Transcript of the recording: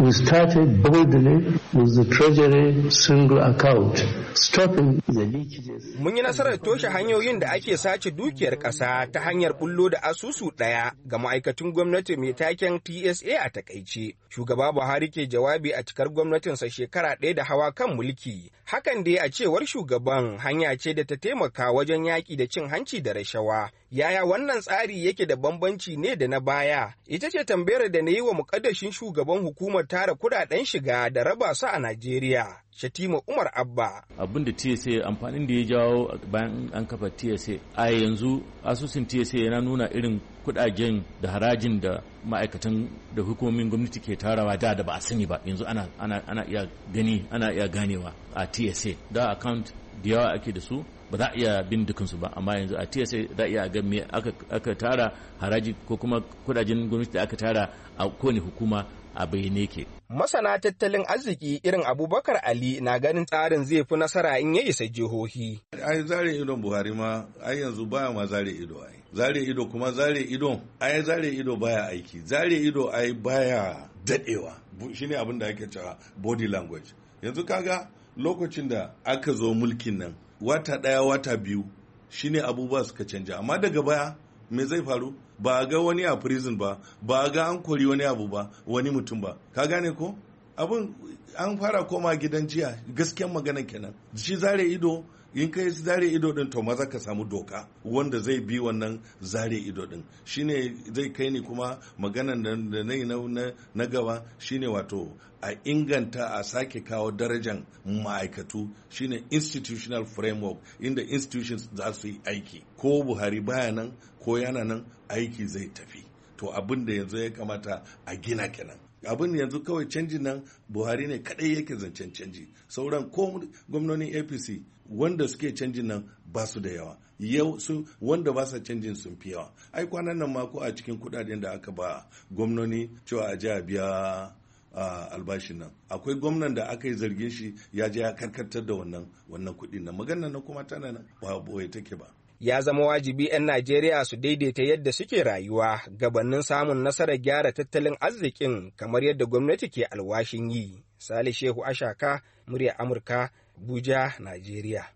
We started boldly with the Treasury single account, stopping the leakages. Mun yi nasarar toshe hanyoyin da ake sace dukiyar ƙasa ta hanyar bullo da asusu ɗaya ga ma'aikatun gwamnati mai taken TSA a takaice. Shugaba Buhari ke jawabi a cikar gwamnatinsa shekara ɗaya da hawa kan mulki. Hakan dai a cewar shugaban hanya ce da ta taimaka wajen yaƙi da cin hanci da rashawa. Yaya wannan tsari yake da bambanci ne da na baya? Ita ce tambayar da na yi wa mukaddashin shugaban hukumar tara kudaden shiga da raba su a Najeriya. Shatima Umar Abba. Abin da TSA amfanin da ya jawo bayan an kafa TSA a yanzu asusun TSA yana nuna irin kudajen da harajin da ma'aikatan da hukumomin gwamnati ke tarawa da da ba a sani ba yanzu ana, iya gani ana iya ganewa a TSA da account da yawa ake da su ba za a iya bin dukansu ba amma yanzu a tsa za a iya ga me aka tara haraji ko kuma kudajen gwamnati da aka tara a kowane hukuma a bayyane ke. Masana tattalin arziki irin Abubakar Ali na ganin tsarin zai fi nasara in ya isa jihohi. Ai zare idon Buhari ma ai yanzu baya ma zare ido ai. Zare ido kuma zare ido ai zare ido baya aiki. Zare ido ai baya dadewa. Shine abin da ake cewa body language. Yanzu kaga lokacin da aka zo mulkin nan wata ɗaya wata biyu shine abubuwa suka canja amma daga baya me zai faru ba a ga wani a prison ba ba a ga an kori wani abu ba wani mutum ba ka gane ko abin an fara koma gidan jiya gaskiyan magana kenan shi zare ido in ka yi zare ido din to maza ka samu doka wanda zai bi wannan zare ido din shine zai kai ni kuma maganan da na yi na gaba shine wato a inganta a sake kawo darajan ma'aikatu shine institutional framework inda institutions za su yi aiki ko buhari baya nan ko yana nan aiki zai tafi to abin da yanzu ya kamata a gina kenan abin yanzu kawai canjin nan buhari ne kadai yake zancen canji sauran ko gwamnonin apc wanda suke canji nan ba su da yawa yau su wanda ba sa canjin sun fi yawa ai kwanan nan ma ko a cikin kudaden da aka ba gwamnoni cewa a jiya biya albashin nan akwai gwamnan da aka yi zargin shi ya je ya karkatar da wannan wannan nan. na magana na kuma tana nan ba boye take ba ya zama wajibi 'yan Najeriya su daidaita yadda suke rayuwa gabanin samun nasarar gyara tattalin arzikin kamar yadda gwamnati ke alwashin yi. Sale Shehu Ashaka, murya Amurka, Abuja, Najeriya.